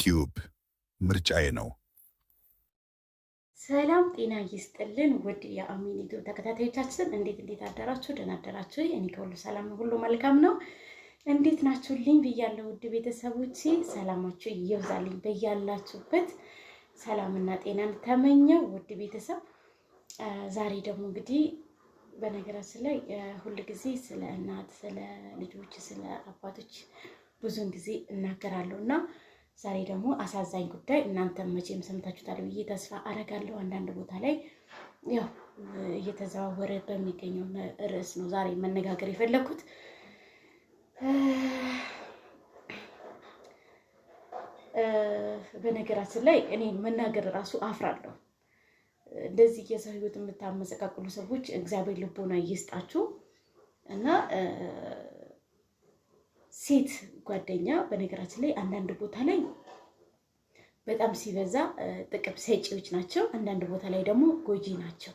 ዩቲዩብ ምርጫዬ ነው። ሰላም ጤና ይስጥልን ውድ የአሚን ዩቲዩብ ተከታታዮቻችን፣ እንዴት እንዴት አደራችሁ? ደህና አደራችሁ? እኔ ከሁሉ ሰላም ሁሉ መልካም ነው። እንዴት ናችሁልኝ ብያለሁ ውድ ቤተሰቦቼ፣ ሰላማችሁ ይብዛልኝ በያላችሁበት ሰላምና ጤናን ተመኘው ውድ ቤተሰብ። ዛሬ ደግሞ እንግዲህ በነገራችን ላይ ሁል ጊዜ ስለ እናት፣ ስለ ልጆች፣ ስለ አባቶች ብዙውን ጊዜ እናገራለሁ እና ዛሬ ደግሞ አሳዛኝ ጉዳይ እናንተ መቼም ሰምታችሁታል ብዬ ተስፋ አደርጋለሁ። አንዳንድ ቦታ ላይ ያው እየተዘዋወረ በሚገኘው ርዕስ ነው ዛሬ መነጋገር የፈለግኩት። በነገራችን ላይ እኔ መናገር እራሱ አፍራለሁ። እንደዚህ የሰው ሕይወት የምታመሰቃቅሉ ሰዎች እግዚአብሔር ልቦና ይስጣችሁ እና ሴት ጓደኛ በነገራችን ላይ አንዳንድ ቦታ ላይ በጣም ሲበዛ ጥቅም ሰጪዎች ናቸው። አንዳንድ ቦታ ላይ ደግሞ ጎጂ ናቸው።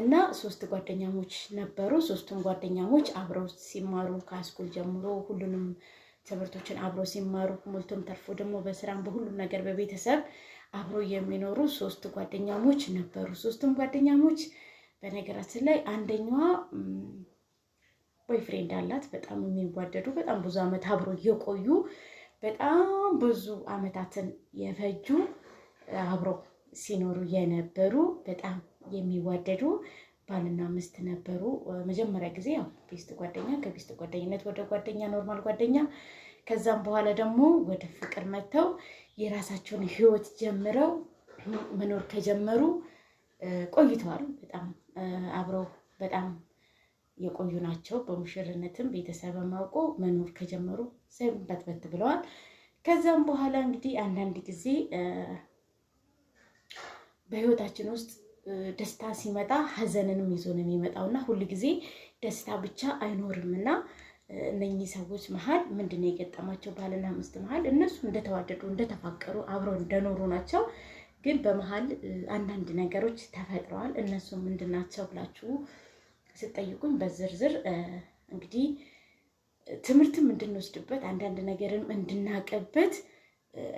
እና ሶስት ጓደኛሞች ነበሩ። ሶስቱም ጓደኛሞች አብረው ሲማሩ ከስኩል ጀምሮ ሁሉንም ትምህርቶችን አብረው ሲማሩ ሞልቶም ተርፎ ደግሞ በስራም በሁሉም ነገር በቤተሰብ አብረው የሚኖሩ ሶስት ጓደኛሞች ነበሩ። ሶስቱም ጓደኛሞች በነገራችን ላይ አንደኛዋ ቦይፍሬንድ አላት። በጣም የሚዋደዱ በጣም ብዙ ዓመት አብሮ የቆዩ በጣም ብዙ ዓመታትን የፈጁ አብሮ ሲኖሩ የነበሩ በጣም የሚዋደዱ ባልና ሚስት ነበሩ። መጀመሪያ ጊዜ ያው ቤስት ጓደኛ፣ ከቤስት ጓደኝነት ወደ ጓደኛ፣ ኖርማል ጓደኛ፣ ከዛም በኋላ ደግሞ ወደ ፍቅር መጥተው የራሳቸውን ህይወት ጀምረው መኖር ከጀመሩ ቆይተዋል። በጣም አብረው በጣም የቆዩ ናቸው። በሙሽርነትም ቤተሰብም አውቀው መኖር ከጀመሩ ሰንበትበት ብለዋል። ከዛም በኋላ እንግዲህ አንዳንድ ጊዜ በህይወታችን ውስጥ ደስታ ሲመጣ ሀዘንንም ይዞ ነው የሚመጣው እና ሁል ጊዜ ደስታ ብቻ አይኖርም እና እነኚህ ሰዎች መሀል ምንድን ነው የገጠማቸው? ባልና ሚስት መሀል እነሱ እንደተዋደዱ እንደተፋቀሩ አብረው እንደኖሩ ናቸው። ግን በመሀል አንዳንድ ነገሮች ተፈጥረዋል። እነሱ ምንድን ናቸው ብላችሁ ስጠይቁኝ በዝርዝር እንግዲህ ትምህርትም እንድንወስድበት አንዳንድ ነገርም እንድናቀበት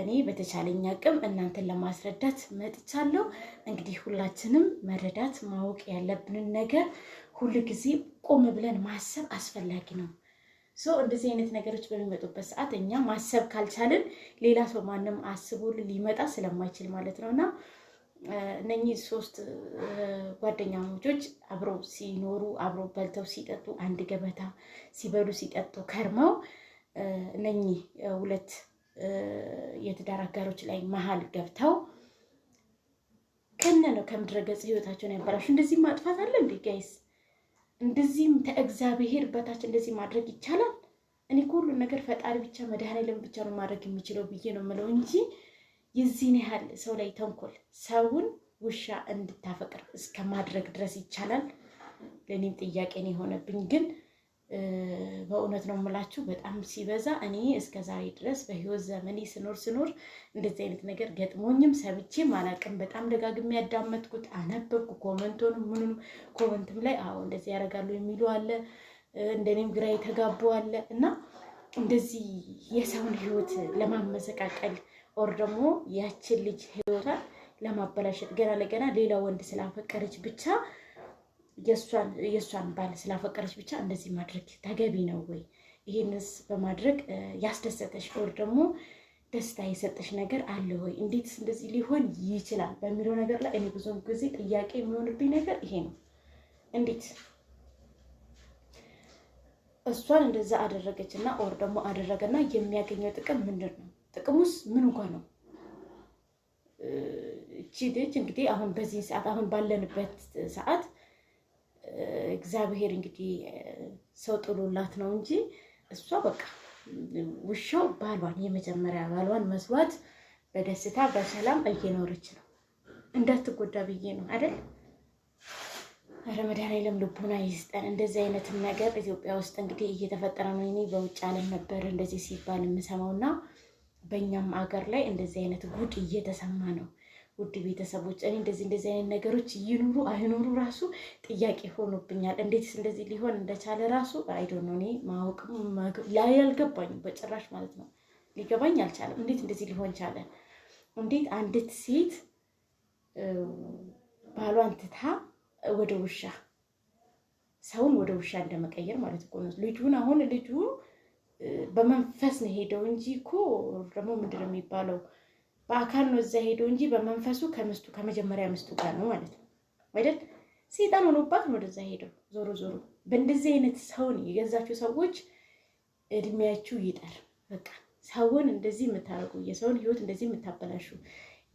እኔ በተቻለኝ አቅም እናንተን ለማስረዳት መጥቻለሁ። እንግዲህ ሁላችንም መረዳት ማወቅ ያለብንን ነገር ሁል ጊዜ ቆም ብለን ማሰብ አስፈላጊ ነው። ሶ እንደዚህ አይነት ነገሮች በሚመጡበት ሰዓት እኛ ማሰብ ካልቻልን ሌላ ሰው ማንም አስቦ ሊመጣ ስለማይችል ማለት ነው እና እነኚህ ሶስት ጓደኛሞቾች አብረው ሲኖሩ አብሮ በልተው ሲጠጡ አንድ ገበታ ሲበሉ ሲጠጡ ከርመው እነኚህ ሁለት የትዳር አጋሮች ላይ መሀል ገብተው ከነ ነው ከምድረ ገጽ ህይወታቸውን ያበላሹ። እንደዚህ ማጥፋት አለ እንዴ ጋይስ? እንደዚህም ከእግዚአብሔር በታች እንደዚህ ማድረግ ይቻላል? እኔ ከሁሉም ነገር ፈጣሪ ብቻ መድኃኔዓለም ብቻ ነው ማድረግ የሚችለው ብዬ ነው የምለው እንጂ የዚህን ያህል ሰው ላይ ተንኮል ሰውን ውሻ እንድታፈቅር እስከ ማድረግ ድረስ ይቻላል? ለእኔም ጥያቄን የሆነብኝ ግን በእውነት ነው የምላችሁ፣ በጣም ሲበዛ እኔ እስከ ዛሬ ድረስ በህይወት ዘመኔ ስኖር ስኖር እንደዚህ አይነት ነገር ገጥሞኝም ሰብቼም አላውቅም። በጣም ደጋግሜ ያዳመጥኩት አነበብኩ፣ ኮመንቶን ምኑንም ኮመንትም ላይ አዎ እንደዚህ ያደርጋሉ የሚሉ አለ፣ እንደኔም ግራ የተጋቡ አለ እና እንደዚህ የሰውን ህይወት ለማመሰቃቀል ኦር ደግሞ ያችን ልጅ ህይወቷን ለማበላሸት ገና ለገና ሌላ ወንድ ስላፈቀረች ብቻ የእሷን ባል ስላፈቀረች ብቻ እንደዚህ ማድረግ ተገቢ ነው ወይ? ይህንስ በማድረግ ያስደሰተሽ ኦር ደግሞ ደስታ የሰጠሽ ነገር አለ ወይ? እንዴትስ እንደዚህ ሊሆን ይችላል በሚለው ነገር ላይ እኔ ብዙም ጊዜ ጥያቄ የሚሆንብኝ ነገር ይሄ ነው። እንዴት እሷን እንደዛ አደረገች እና ኦር ደግሞ አደረገና የሚያገኘው ጥቅም ምንድን ነው? ጥቅሙስ ምን ጓ ነው? እቺ ልጅ እንግዲህ አሁን በዚህ ሰዓት አሁን ባለንበት ሰዓት እግዚአብሔር እንግዲህ ሰው ጥሎላት ነው እንጂ እሷ በቃ ውሻው ባሏን የመጀመሪያ ባሏን መስዋት በደስታ በሰላም እየኖረች ነው። እንዳትጎዳ ብዬ ነው አይደል? ረመዳን ልቡና ይስጠን። እንደዚህ አይነት ነገር ኢትዮጵያ ውስጥ እንግዲህ እየተፈጠረ ነው። እኔ በውጭ ዓለም ነበር እንደዚህ ሲባል የምሰማውና በእኛም አገር ላይ እንደዚህ አይነት ጉድ እየተሰማ ነው። ውድ ቤተሰቦች እኔ እንደዚህ እንደዚህ አይነት ነገሮች ይኑሩ አይኑሩ ራሱ ጥያቄ ሆኖብኛል። እንዴት እንደዚህ ሊሆን እንደቻለ ራሱ አይዶ ነው። እኔ ማወቅ ላይ አልገባኝም በጭራሽ ማለት ነው። ሊገባኝ አልቻለም። እንዴት እንደዚህ ሊሆን ቻለ? እንዴት አንዲት ሴት ባሏን ትታ ወደ ውሻ ሰውን ወደ ውሻ እንደመቀየር ማለት እኮ ነው። ልጁን አሁን ልጁ በመንፈስ ነው ሄደው እንጂ እኮ ደግሞ ምንድን ነው የሚባለው በአካል ነው እዛ ሄደው እንጂ በመንፈሱ ከምስቱ ከመጀመሪያ ምስቱ ጋር ነው ማለት ነው አይደል? ሴጣን ሆኖባት ነው ወደዛ ሄደው። ዞሮ ዞሮ በእንደዚህ አይነት ሰውን የገዛቸው ሰዎች እድሜያችሁ ይጠር። በቃ ሰውን እንደዚህ የምታደርጉ የሰውን ህይወት እንደዚህ የምታበላሹ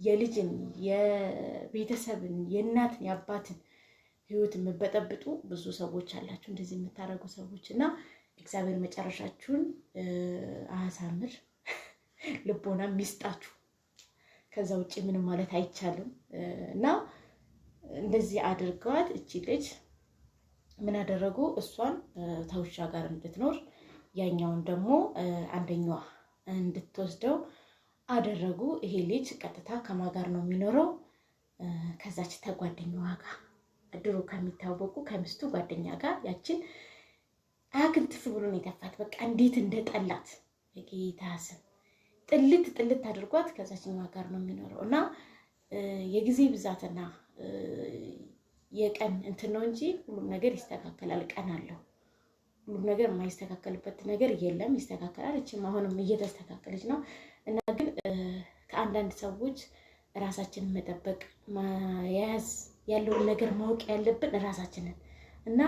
የልጅን፣ የቤተሰብን፣ የእናትን፣ የአባትን ህይወት የምበጠብጡ ብዙ ሰዎች አላችሁ፣ እንደዚህ የምታደርጉ ሰዎች እና እግዚአብሔር መጨረሻችሁን አያሳምር፣ ልቦና ሚስጣችሁ። ከዛ ውጭ ምንም ማለት አይቻልም እና እንደዚህ አድርገዋት እቺ ልጅ ምን አደረጉ? እሷን ተውሻ ጋር እንድትኖር ያኛውን ደግሞ አንደኛዋ እንድትወስደው አደረጉ። ይሄ ልጅ ቀጥታ ከማ ጋር ነው የሚኖረው? ከዛች ተጓደኛዋ ጋር ድሮ ከሚታወቁ ከሚስቱ ጓደኛ ጋር ያችን አክንትፍ ብሎ ነው የተፋት። በቃ እንዴት እንደጠላት የጌታ ስም ጥልት ጥልት አድርጓት ከዛችኛዋ ጋር ነው የሚኖረው እና የጊዜ ብዛትና የቀን እንትን ነው እንጂ ሁሉም ነገር ይስተካከላል። ቀን አለው። ሁሉም ነገር የማይስተካከልበት ነገር የለም፣ ይስተካከላል። እችም አሁንም እየተስተካከለች ነው እና ግን ከአንዳንድ ሰዎች ራሳችንን መጠበቅ መያዝ ያለውን ነገር ማወቅ ያለብን እራሳችንን እና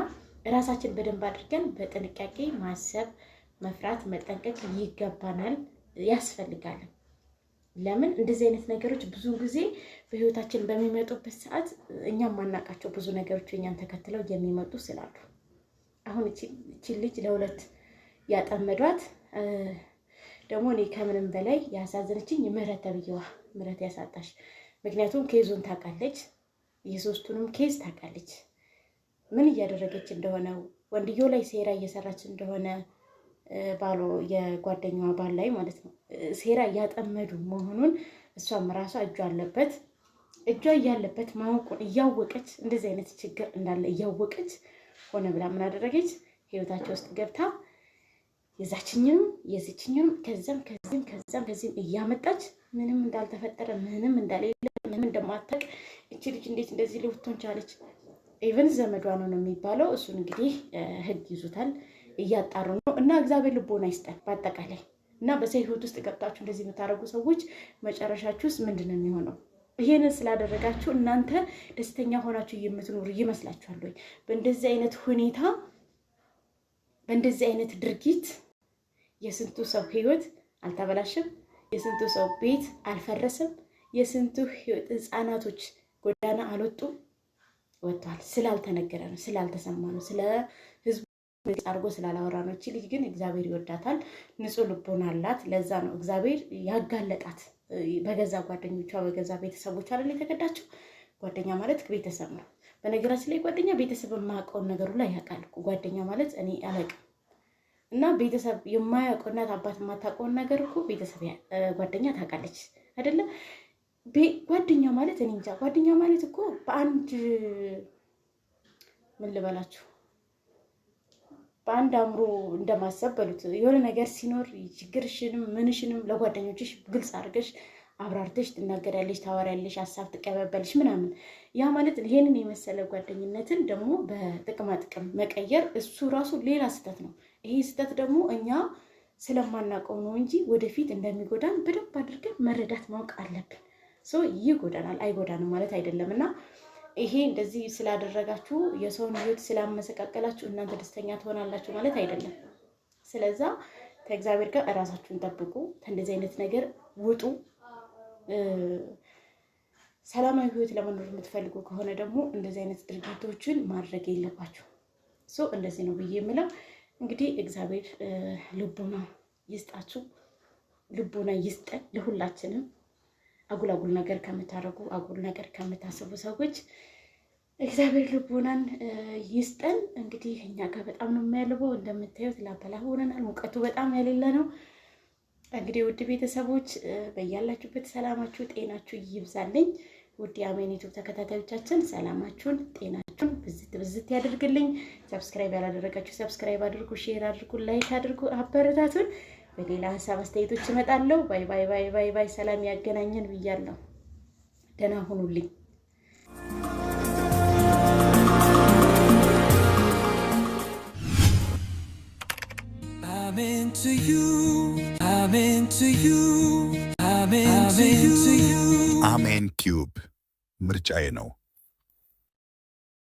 እራሳችን በደንብ አድርገን በጥንቃቄ ማሰብ፣ መፍራት፣ መጠንቀቅ ይገባናል፣ ያስፈልጋል። ለምን እንደዚህ አይነት ነገሮች ብዙ ጊዜ በህይወታችን በሚመጡበት ሰዓት እኛ ማናቃቸው ብዙ ነገሮች እኛን ተከትለው የሚመጡ ስላሉ አሁን እቺ ልጅ ለሁለት ያጠመዷት ደግሞ እኔ ከምንም በላይ ያሳዘነችኝ ምህረት ተብዬዋ ምህረት ያሳጣሽ። ምክንያቱም ከይዞን ታውቃለች የሶስቱንም ኬዝ ታውቃለች። ምን እያደረገች እንደሆነ ወንድየው ላይ ሴራ እየሰራች እንደሆነ ባሎ የጓደኛዋ ባል ላይ ማለት ነው ሴራ እያጠመዱ መሆኑን እሷም ራሷ እጇ አለበት እጇ እያለበት ማወቁን እያወቀች እንደዚህ አይነት ችግር እንዳለ እያወቀች ሆነ ብላ ምን አደረገች? ህይወታቸው ውስጥ ገብታ የዛችኛም የዚችኛም ከዚም ከዚህም ከዚም ከዚህም እያመጣች ምንም እንዳልተፈጠረ ምንም እንዳሌለ ምንም እንደማታውቅ እቺ ልጅ እንዴት እንደዚህ ልትሆን ቻለች? ኢቨን ዘመዷ ነው ነው የሚባለው። እሱን እንግዲህ ህግ ይዙታል እያጣሩ ነው እና እግዚአብሔር ልቦና ይስጠን በአጠቃላይ እና በሰው ህይወት ውስጥ ገብታችሁ እንደዚህ የምታደርጉ ሰዎች መጨረሻችሁ ውስጥ ምንድን ነው የሚሆነው? ይሄንን ስላደረጋችሁ እናንተ ደስተኛ ሆናችሁ የምትኖሩ ይመስላችኋል ወይ? በእንደዚህ አይነት ሁኔታ በእንደዚህ አይነት ድርጊት የስንቱ ሰው ህይወት አልተበላሸም? የስንቱ ሰው ቤት አልፈረሰም? የስንቱ ህጻናቶች ጎዳና አልወጡ ወጥቷል። ስላልተነገረ ነው፣ ስላልተሰማ ነው፣ ስለ ህዝቡ አድርጎ ስላላወራ ነው። እቺ ልጅ ግን እግዚአብሔር ይወዳታል፣ ንጹህ ልቦና አላት። ለዛ ነው እግዚአብሔር ያጋለጣት። በገዛ ጓደኞቿ በገዛ ቤተሰቦች አይደል የተገዳቸው? ጓደኛ ማለት ቤተሰብ ነው። በነገራችን ላይ ጓደኛ ቤተሰብ የማያውቀውን ነገሩ ላይ ያውቃል። ጓደኛ ማለት እኔ አላውቅም እና ቤተሰብ የማያውቀው እናት አባት የማታውቀውን ነገር እኮ ቤተሰብ ጓደኛ ታውቃለች አይደለም ጓደኛ ማለት እኔ እንጃ። ጓደኛ ማለት እኮ በአንድ ምን ልበላችሁ፣ በአንድ አእምሮ እንደማሰብ በሉት። የሆነ ነገር ሲኖር ችግርሽንም ምንሽንም ለጓደኞችሽ ግልጽ አድርገሽ አብራርተሽ ትናገሪያለሽ፣ ታወሪያለሽ፣ ሀሳብ ትቀበበልሽ ምናምን። ያ ማለት ይሄንን የመሰለ ጓደኝነትን ደግሞ በጥቅማ ጥቅም መቀየር እሱ ራሱ ሌላ ስህተት ነው። ይሄ ስህተት ደግሞ እኛ ስለማናውቀው ነው እንጂ ወደፊት እንደሚጎዳን በደንብ አድርገን መረዳት ማወቅ አለብን። ይጎዳናል። አይጎዳንም ማለት አይደለም እና ይሄ እንደዚህ ስላደረጋችሁ የሰውን ህይወት ስላመሰቃቀላችሁ እናንተ ደስተኛ ትሆናላችሁ ማለት አይደለም። ስለዛ ከእግዚአብሔር ጋር እራሳችሁን ጠብቁ፣ ከእንደዚህ አይነት ነገር ውጡ። ሰላማዊ ህይወት ለመኖር የምትፈልጉ ከሆነ ደግሞ እንደዚህ አይነት ድርጊቶችን ማድረግ የለባችሁ። ሶ እንደዚህ ነው ብዬ የምለው እንግዲህ እግዚአብሔር ልቡና ይስጣችሁ፣ ልቡና ይስጠን ለሁላችንም። አጉል አጉል ነገር ከምታደርጉ አጉል ነገር ከምታስቡ ሰዎች እግዚአብሔር ልቦናን ይስጠን። እንግዲህ እኛ ጋር በጣም ነው የሚያልበው፣ እንደምታዩት ላበላ ሆነናል። ሙቀቱ በጣም ያሌለ ነው። እንግዲህ ውድ ቤተሰቦች በያላችሁበት ሰላማችሁ ጤናችሁ ይብዛልኝ። ውድ የአሜን ዩቱብ ተከታታዮቻችን ሰላማችሁን ጤናችሁን ብዝት ብዝት ያደርግልኝ። ሰብስክራይብ ያላደረጋችሁ ሰብስክራይብ አድርጉ፣ ሼር አድርጉ፣ ላይክ አድርጉ፣ አበረታቱን። በሌላ ሀሳብ አስተያየቶች እመጣለሁ። ባይ ባይ ባይ ባይ ባይ። ሰላም ያገናኘን ብያለሁ። ደህና ሁኑልኝ። አሜን ቲዩብ ምርጫዬ ነው።